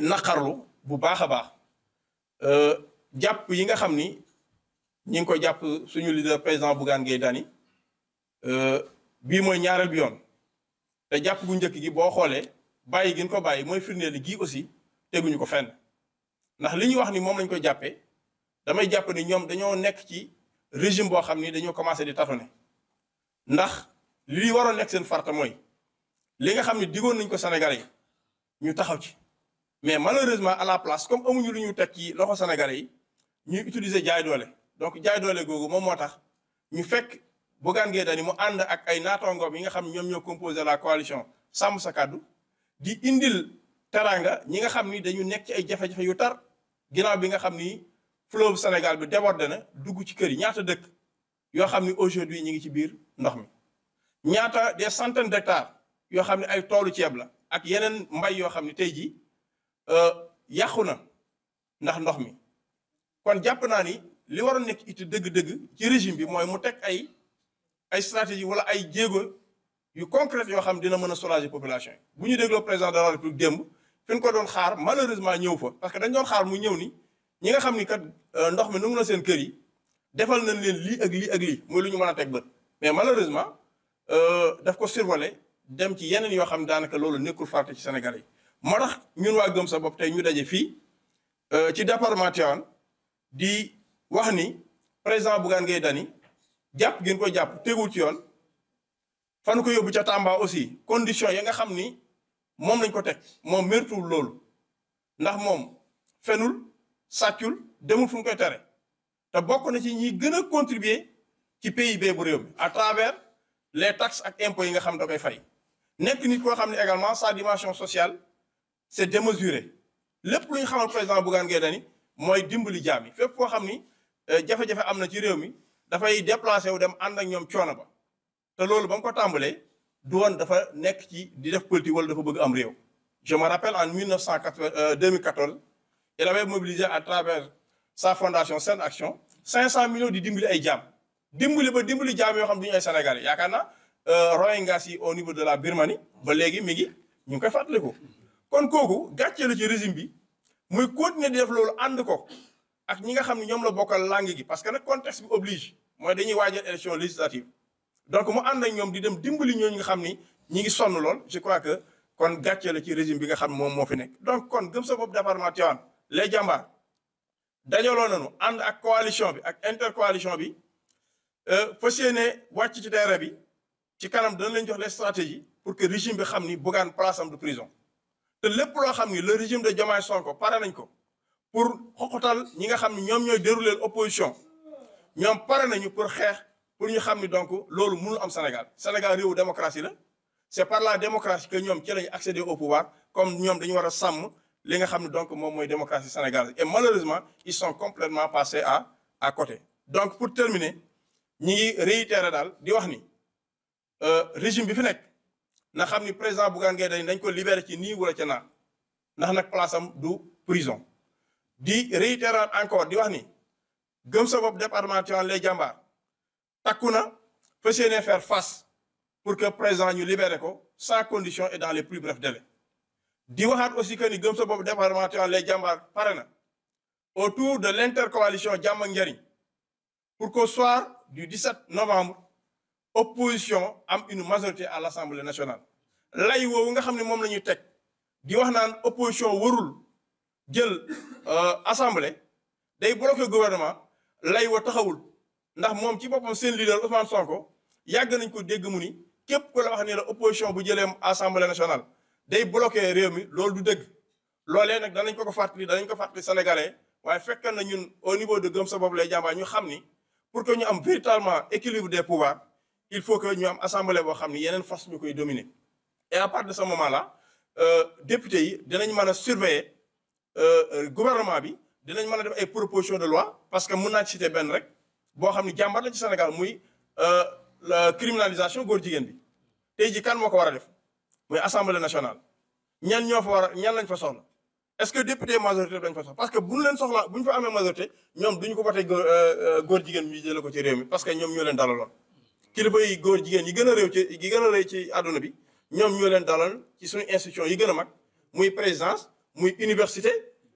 naqarlu bu baax a baax euh, jàpp yi nga xam ni ñi ngi koy jàpp suñu leader président Bougane Gueye Dany euh, bii mooy ñaareel bi yoon te jàpp gu njëkk gi boo xoolee bàyyi gin ko bàyyi mooy firndeel gi aussi teguñu ko fenn ndax li ñuy wax ni moom lañ koy jàppee damay jàpp ni ñoom dañoo nekk ci régime boo xam ni dañoo commencé di tâtonner ndax li waroon nekk seen farta mooy li nga xam ni digoon nañ ko Sénégalais yi ñu taxaw ci mais malheureusement à la place comme amuñu lu ñuy teg ci loxo sénégalais yi ñuy utiliser jaay doole donc jaay doole googu moom moo tax ñu fekk Bougane Gueye Dany mu ànd ak ay naataangoom yi nga xam ñoom ñoo composé la coalition sàmm sa kàddu di indil teraanga ñi nga xam ni dañu nekk ci ay jafe-jafe yu tar ginnaaw bi nga xam ni fleuve Sénégal bi débordé na dugg ci kër yi ñaata dëkk yoo xam ni aujourd'hui ñi ngi ci biir ndox mi ñaata des centaines d'hectares yoo xam ne ay toolu ceeb la ak yeneen mbay yoo xam ne tey jii Euh, yàqu na ndax ndox mi kon jàpp naa ni li war a nekk it dëgg-dëgg ci régime bi mooy mu teg ay ay stratégie wala ay jéego yu concrete yoo xam dina mën a soulager population bu ñu dégloo président de la république démb fi ko doon xaar malheureusement ñëw fa parce que dañ doon xaar mu ñëw ni ñi nga xam ni kat euh, ndox mi nangu na seen kër yi defal nañ leen lii ak lii ak lii mooy lu ñu mën a teg bët mais malheureusement euh, daf ko survolé dem ci yeneen yoo xam daanaka loolu nekkul fàtte ci Sénégal yi moo tax ñun waa gëm sa bopp tey ñu daje fii euh, ci département Tivaouane di wax ni président Bougane Gueye dani jàpp ngeen ko jàpp tegul ci yoon fan ko yóbbu ca Tamba aussi condition ya nga xam ni moom lañ ko teg moom mérituwul loolu ndax moom fenul sàccul demul fu mu koy tere te bokk na ci ñi gën a contribuer ci PIB bu réew mi à travers les taxes ak impôts yi nga xam da koy fay nekk nit koo xam ne également sa dimension sociale c'est démesuré lépp lu ñu xamal président Bougane Gueye Dany mooy dimbali jaam yi fépp foo xam ni euh, jafe-jafe am na ci réew mi dafay déplacé wu dem ànd ak ñoom coono ba te loolu ba mu ko tàmbalee du woon dafa nekk ci di def politique wala dafa bëgg am réew. je me rappelle en 1980 2014 euh, il avait mobilisé à travers sa fondation Sen Action 500 millions di dimbali ay jaam dimbali ba dimbali jaam yoo xam duñu ay sénégalais yaakaar naa euh, Rohingyas yi au niveau de la Birmanie ba léegi mi ngi ñu ngi koy fàttaliku. kon kooku gàcce ci régime bi muy continuer di def loolu ànd ko ak ñi nga xam ne ñoom la bokkal langue gi parce que nag contexte bi oblige mooy dañuy waajal élection législative donc mu ànd ak ñoom di dem dimbali ñi nga xam ni ñi ngi sonn lool je crois que kon gàcce la ci régime bi nga xam moom moo fi nekk. donc kon gëm sa bopp département Tivaouane les jàmbaar dajaloo nañu ànd ak coalition bi ak intercoalition bi euh, fas yéene wàcc ci terrain bi ci kanam dana leen jox les stratégies pour que bi xam ni Bougane place am prison. te lépp loo xam ngi le régime de Diomaye Sonko pare nañ ko pour xoxotal ñi nga xam ni ñoom ñooy dérouler opposition ñoom pare nañu pour xeex pour ñu xam ni donc loolu mënul am Sénégal Sénégal réewu démocratie la c'est par la démocratie que ñoom ci lañu accéder au pouvoir comme ñoom dañu war sàmm li nga xam ne donc moom mooy démocratie sénégalaise et malheureusement ils sont complètement passés à à côté donc pour terminer ñi ngi réitérer daal di wax ni euh, régime bi fi nekk na ni président Bougane Gueye Dany dañ ko libéré ci ni wala ca naa ndax nag place am du prison di réitérer encore di wax ni gëm sa bopp département Tivaouane lay jàmbaar takku na fas yéene faire face pour que président ñu libere ko sans condition et dans les plus brefs délais di waxaat aussi que ni gëm sa bopp département Tivaouane lay jàmbaar pare na autour de l'intercoalition jàmm ak njariñ pour qu'au soir du 17 novembre opposition am une majorité à l'Assemblée national lay woowu nga xam ne moom la ñuy teg di wax naan opposition warul jël euh, assemblée day bloqué gouvernement lay wa taxawul ndax moom ci boppam seen leader Ousmane ko yàgg nañ ko dégg mu ni képp ku la wax ne la opposition bu jëlee assemblée nationale day bloqué réew mi loolu du dëgg loolee nag danañ ko ko fàttali danañ ko fàttali sénégalais waaye fekk na ñun au niveau de gëm sa bopp lay jàmbaar ñu xam ni pour que ñu am véritablement équilibre des pouvoirs il faut que ñu am assemblée boo xam ne yeneen fas ñu koy dominer et à partir de ce moment là euh, député yi dinañ mën a surveiller euh, gouvernement bi dinañ mën a def ay proposition de loi parce que mun naa citer benn rek boo xam ne jàmbar la ci Sénégal muy euh, la criminalisation góor jigéen bi tey ji kan moo ko war a def muy assemblée nationale ñan ñoo fa war a ñan lañ fa soxla est-ce que député majorité bi lañ fa soxla parce que bu ñu leen soxla bu ñu kilifa yi góor jigéen yi gën a réew ci yi gën a réew ci àdduna bi ñoom ñoo leen dalal ci suñu institution yi gën a mag muy présidence muy université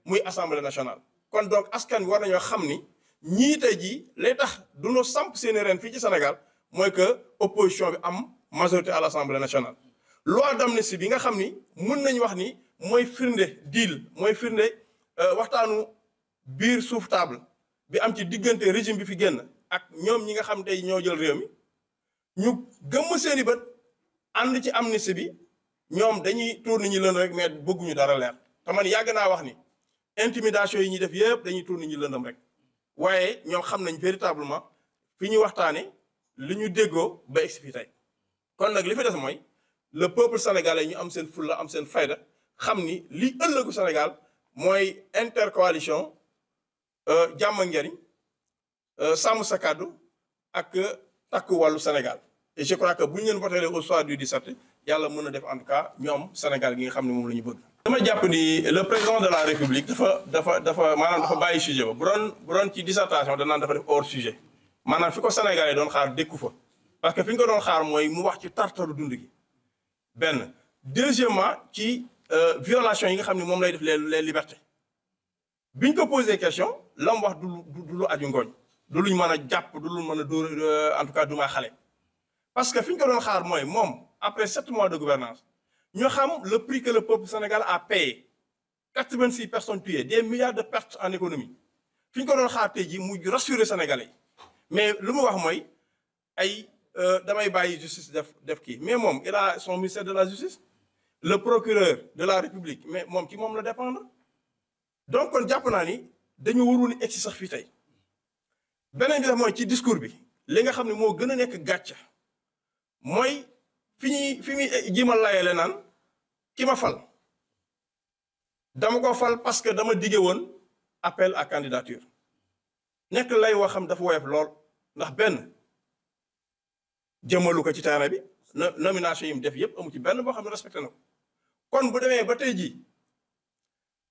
muy assemblée nationale. kon donc askan bi war nañoo xam ni ñii tey jii lay tax du no samp seeni ren fii ci Sénégal mooy que opposition bi am majorité à l' assemblée nationale. loi ne si bi nga xam ni mun nañu wax ni mooy firnde deal mooy firnde euh, waxtaanu biir suuf table bi am ci diggante régime bi fi génn ak ñoom ñi nga xam tey ñoo jël réew mi. ñu gëmm seeni bët ànd ci am amnistie bi ñoom dañuy ni ñu lëndëm rek mais bëgguñu dara leer te yàgg naa wax ni intimidation yi ñuy def yëpp dañuy tourner ñu lëndëm rek waaye ñoom xam nañ véritablement fi ñu waxtaane li ñu déggoo ba egsi fi tey kon nag li fi des mooy le peuple sénégalais ñu am seen fulla am seen fayda xam ni li ëllëgu Sénégal mooy intercoalition euh, jàmm njariñ euh, sàmm sa kàddu ak euh, takku wàllu Sénégal je crois que bu ñu leen voté au soir du 17 yàlla mën na def en tout cas ñoom Sénégal gi nga xam ne moom la ñu bëgg. dama jàpp ni le président de la république dafa dafa dafa maanaam dafa bàyyi sujet ba bu doon bu doon ci dissertation danaan dafa def hors sujet maanaam fi ko Sénégal doon xaar dékku fa parce que fi nga doon xaar mooy mu wax ci tartaru dund gi benn deuxièmement ci euh, violation yi nga xam ne moom lay def leen les libertés bi ñu ko posé question la wax du lu du lu aju ngooñ mën a jàpp lu mën a dóor euh, en tout du maa xale. parce que fi ñu ko doon xaar mooy moom après sept mois de gouvernance ñu xam le prix que le peuple sénégalais a payé quatre-vingt-six personnes tuées des milliards de pertes en économie fi ñu ko doon xaar tey jii mu rassurer sénégalais mais lu mu wax mooy ay euh, damay bàyyi justice def def kii mais moom il son ministère de la justice le procureur de la république mais moom ci moom la dépendre donc kon jàpp naa ni dañu warul egg ci sax fii tey beneen bi def mooy ci discours bi li nga xam ne moo gën a nekk gàcca mooy fi ñuy fi muy eh, jima layale naan ki ma fal dama ko fal parce que dama dige woon appel à candidature nekk lay waxam dafa woyof lool ndax benn jëmalu ko ci terrain bi nomination yi mu def yépp amu ci benn boo xam ne respecté na kon bu demee ba tey jii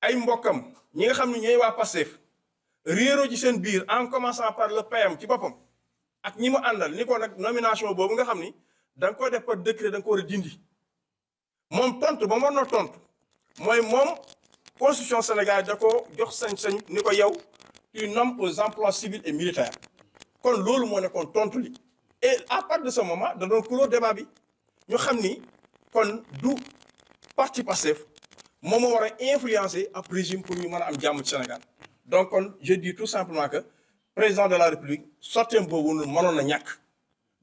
ay mbokkam ñi nga xam ne ñooy waa Pastef réeroo ci seen biir en commençant par le PM ci boppam ak ñi mu àndal ni ko nag nomination boobu nga xam ni danga nga def par décret da nga ko war a dindi moom tontu ba mën na tontu mooy moom constitution Sénégal da ko jox sañ-sañ ni ko yow tu nommes aux emplois civils et militaires kon loolu moo nekkoon tontu li et à partir de ce moment da doon clore débat bi ñu xam ni kon du parti Pastef moom moo war a influencer ab régime pour ñu mën a am jàmm ci Sénégal donc kon je dis tout simplement que président de la République sorteem boobu noonu mënoon na ñàkk.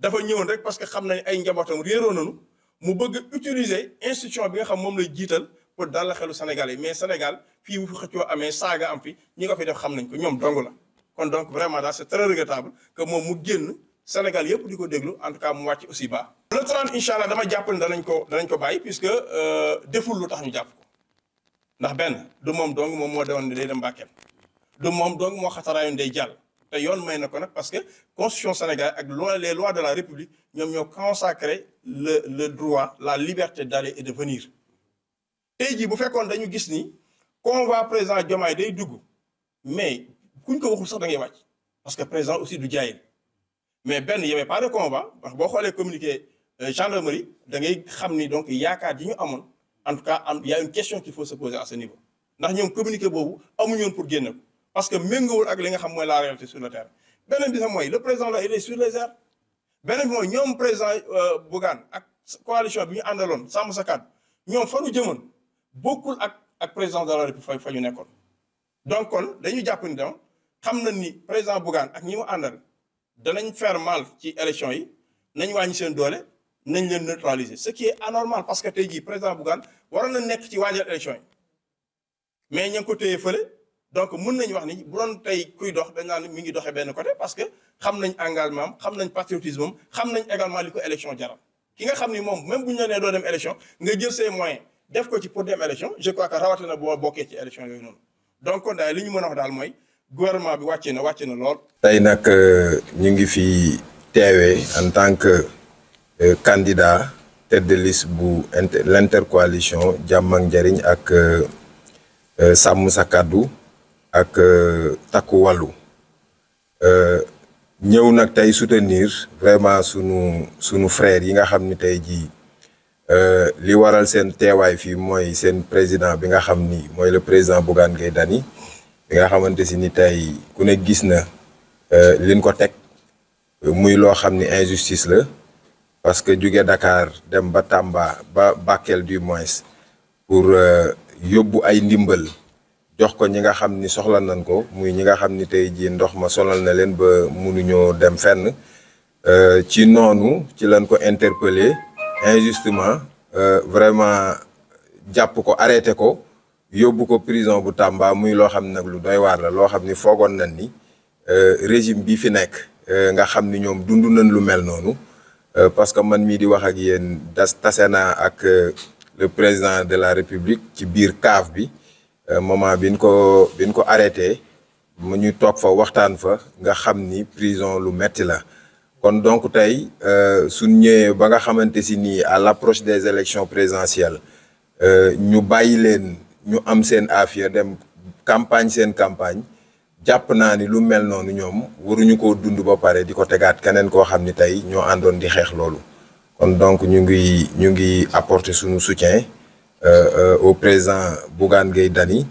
dafa ñëwoon rek parce que xam nañ ay njabootam réeroo nañu mu bëgg utiliser institution bi nga xam moom lay jiital pour dalal xelu Sénégal yi mais Sénégal fii bu fi xëccoo amee saaga am fi ñi ko fi def xam nañ ko ñoom dong la kon donc vraiment daal c'est très regrettable que moom mu génn Sénégal yëpp di ko déglu en tout cas mu wàcc aussi baax. le 30 incha allah dama jàpp ne danañ ko danañ ko bàyyi puisque euh, deful lu tax ñu jàpp ko ndax benn du moom dong moom moo doon day dem Mbàkke du moom dong moo xataraayu ndey jàll. te yoon may na ko nag parce que constitution sénégalaise ak loi les lois de la république ñoom ñoo consacré le le droit la liberté d'aller et de venir tey jii bu fekkoon dañu gis ni convoi président Diomaye day dugg mais kuñ ko waxul sax da ngay wàcc parce que président aussi du jaayil mais benn y avait pas de convoi boo xoolee communiqué euh, gendarmerie da ngay xam ni donc yaakaar ji ñu amoon en tout cas am y a une question qu'il faut se poser à ce niveau ndax ñoom communiqué boobu amuñoon pour génn parce que méngoowul ak li nga xam mooy la réalité sur le terrain beneen bi sax mooy le président là il est mooy ñoom président euh, Bougane ak coalition bi ñu àndaloon sàmm sa kàddu ñoom fa ñu jëmoon bokkul ak ak président de la fa ñu nekkoon. donc kon dañu jàpp ni tam xam na ni président Bougane ak ñi mu àndal danañ faire mal ci élection yi nañ wàññi seen doole nañ leen neutraliser ce qui est anormal parce que tey jii président Bougane waroon na nekk ci waajal élection yi mais ña ngi ko téye donc mun nañu wax ni bu doon tey kuy dox dañ naan mi ngi doxee benn côté parce que xam nañ engagement xam nañ patriotisme am xam nañ également li ko élection jaral ki nga xam ni moom même bu ñu la nee doo dem élection nga jël ses moyens def ko ci pour dem élection je crois que rawatina boo bokkee ci élection yooyu noonu donc kon daal li ñu mën a wax daal mooy gouvernement bi wàcce na wàcce na lool. tey nag euh, ñu ngi fi teewee en tant que euh, candidat tête de liste bu inter l' jàmm ak njariñ ak euh, sàmm sa kàddu ak euh, takku wàllu euh, ñëw nag tey soutenir vraiment sunu sunu frère yi nga xam ni tey jii euh, li waral seen teewaay fii mooy seen président bi nga xam ni mooy le président Bougane Gueye Dany bi nga xamante si ni tey ku ne gis na lin ko teg muy loo xam ni injustice la parce que juge Dakar dem ba tàmba ba Bakel du moins pour yóbbu ay ndimbal jox ko ñi nga xam ni soxla nañ ko muy ñi nga xam ni tey jii ndox ma sonal na leen ba munu mënuñoo dem fenn euh, ci noonu ci lan ko interpellé injustement euh, vraiment jàpp ko arrêté ko yóbbu ko prison bu Tamba muy loo xam ne nag lu doy waar la loo xam ni foogoon nañ ni euh, régime bi fi nekk nga xam ni ñoom dund nañ lu mel noonu parce que man mii di wax ak yéen das tase na ak le président de la république ci biir CAF bi Euh, moment bi ñu ko bi ko arrêté mu ñu toog fa waxtaan fa nga xam ni prison lu metti la kon donc tey euh, suñ ñëwee ba nga xamante si nii à l'approche des élections présidentielles euh, ñu bàyyi leen ñu am seen affaire dem campagne seen campagne jàpp naa ni lu mel noonu ñoom waruñu ko dund ba pare di ko tegaat keneen koo xam ni tey ñoo andoon di xeex loolu kon donc ñu ngi ñu sunu apporter soutien Euh, euh, au président Bougane Gueye dani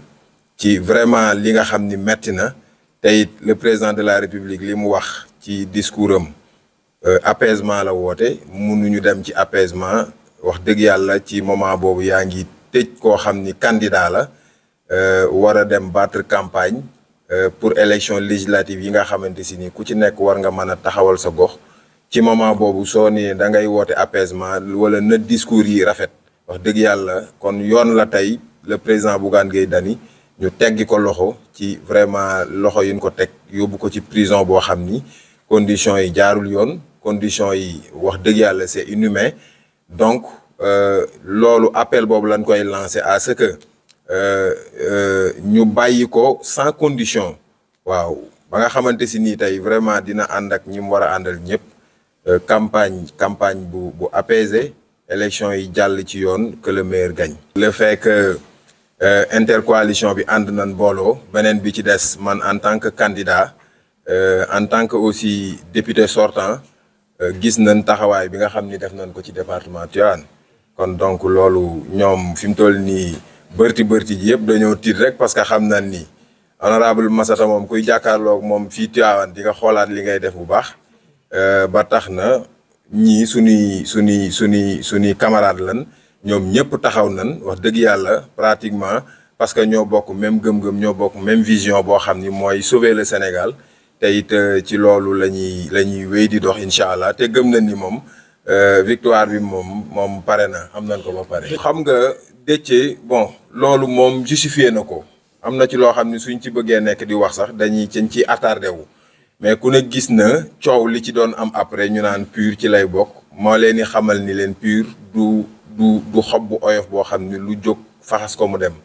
ci vraiment li nga xam ni metti na tey le président de la république li mu wax ci discours am euh, apaisement la woote mënuñu dem ci apaisement wax dëgg yàlla ci moment boobu yaa ngi tëj koo xam ni candidat la war a dem battre campagne pour élection législative yi nga xamante si ni ku ci nekk war nga mën a taxawal sa gox ci moment boobu soo nee da ngay woote apaisement wala na discours yi rafet wax dëgg yàlla kon yoon la tey le président Bougane Gueye Dany ñu teggi ko loxo ci vraiment loxo yi ñu ko teg yóbbu ko ci prison boo xam ni conditions yi jaarul yoon conditions yi wax dëgg yàlla c'est inhumain donc euh, loolu appel boobu lañ koy lancer à ce que euh, euh, ñu bàyyi ko sans condition waaw ba nga xamante si nii tey vraiment dina ànd ak ñi mu war a àndal ñëpp campagne campagne bu bu apaisée élection yi jàll ci yoon que le meilleur gagne. le fait que euh, bi ànd nañ booloo beneen bi ci des man en tant que candidat euh, en tant que aussi député sortant euh, gis nan taxawaay bi nga xam ni def nañ ko ci département Tivaouane kon donc loolu ñoom fi mu toll nii bërti bërti ji yëpp dañoo tiit rek parce que xam nañ ni honorable Massata moom kuy jàkkaarloog moom fii Tivaouane di nga xoolaat li ngay def bu baax ba tax na. ñii suñuy suñuy suñuy suñuy camarade lan ñoom ñëpp taxaw nan wax dëgg yàlla pratiquement parce que ñoo bokk même gëm-gëm ñoo bokk même vision boo xam ni mooy sauver le Sénégal te it euh, ci loolu la ñuy la ñuy wéy di dox incha allah te gëm nañ ni moom euh, victoire bi moom moom pare na am nañ ko ba pare. xam nga Déthié bon loolu moom justifié na ko am na ci loo xam ni suñ ci bëggee nekk di wax sax dañuy cën ci attardé wu. mais ku ne gis na coow li ci doon am après ñu naan pur ci lay bokk moo leen di xamal ni leen pur du du xob bu oyof boo xam ni lu jóg faxas ko mu dem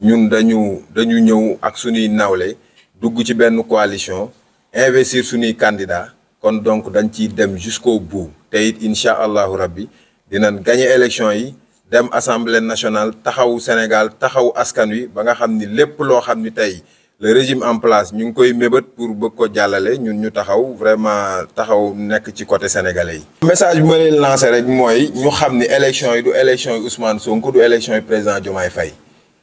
ñun dañu dañu ñëw ak suñuy nawle dugg ci benn coalition investir suñuy candidat kon donc dañ ciy dem jusqu'au bout te it incha allahu rabbi dinañ gagner élection yi dem assemblée nationale taxawu Sénégal taxawu askan wi ba nga xam ni lépp loo xam ni tey le régime en place ñu ngi koy mébét pour bëgg ko jàllale ñun ñu taxaw vraiment taxaw nekk ci côté sénégalais yi. message bi ma leen lancé rek mooy ñu xam ni élection yi du élection yi Ousmane Sonko du élection yi président Diomaye Faye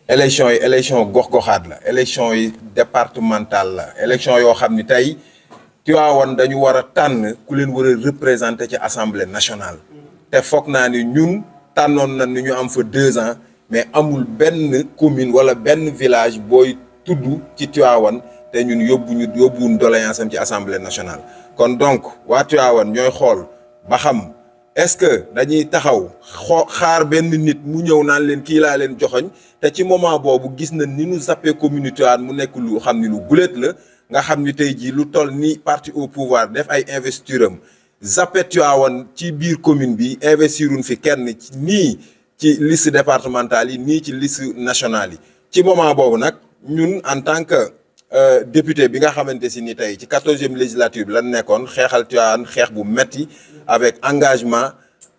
élection yi élection gox-goxaat la élection yi départementale la élection yoo xam ni tey Tivaouane dañu war a tànn ku leen war a ci assemblée nationale. te foog naa ni ñun tànnoon na nu ñu am fa deux ans mais amul benn commune wala benn village booy. tudd ci Tivaouane te ñun yóbbuñu yóbbuwun doléance am ci assemblée nationale kon donc waa Tivaouane ñooy xool ba xam est-ce que dañuy taxaw xoo xaar benn nit mu ñëw naan leen kii laa leen joxoñ te ci moment boobu gis na ni ñu zappé commune Tivaouane mu nekk lu xam ni lu guléet la nga xam ni tey jii lu tol ni parti au pouvoir def ay investiture am zappé Tivaouane ci biir commune bi investirun fi kenn nii ci liste départementale yi nii ci liste nationale yi ci moment boobu nag ñun en tant que euh, député bi nga xamante si ni tey ci quatorzième législature bi lan nekkoon xeexal Tivaouane xeex bu metti avec engagement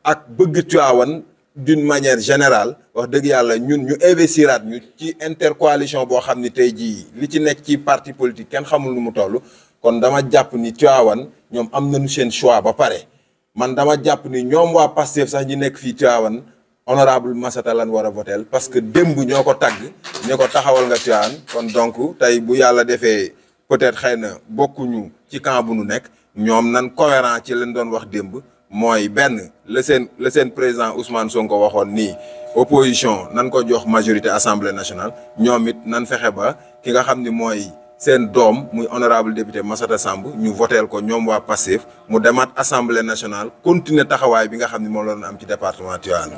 ak bëgg Tivaouane d'une manière générale wax dëgg yàlla ñun ñu investiraat ñu ci intercoalition boo xam ni tey jii li ci nekk ci parti politique kenn xamul nu mu toll kon dama jàpp ni Tivaouane ñoom am nañu seen choix ba pare man dama jàpp ni ñoom waa Pastef sax ñi nekk fii Tivaouane honorable Massata lan war a votel parce que démb ñoo ko tàgg ñoo ko taxawal nga Tiwaawan kon donc tey bu yàlla defee peut-être xëy na bokkuñu ci camp bu nu nekk ñoom nan cohérent ci lañ doon wax démb mooy benn la seen la seen président Ousmane Sonko waxoon nii opposition nan ko jox majorité assemblée nationale ñoom it nan fexe ba ki nga xam ni mooy seen doom muy honorable député Massata Samb ñu votel ko ñoom waa Pastef mu demaat assemblée nationale continuer taxawaay bi nga xam ne moom la doon am ci département Tivaouane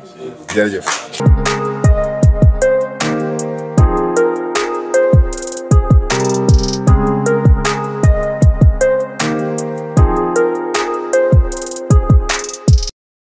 jërëjëf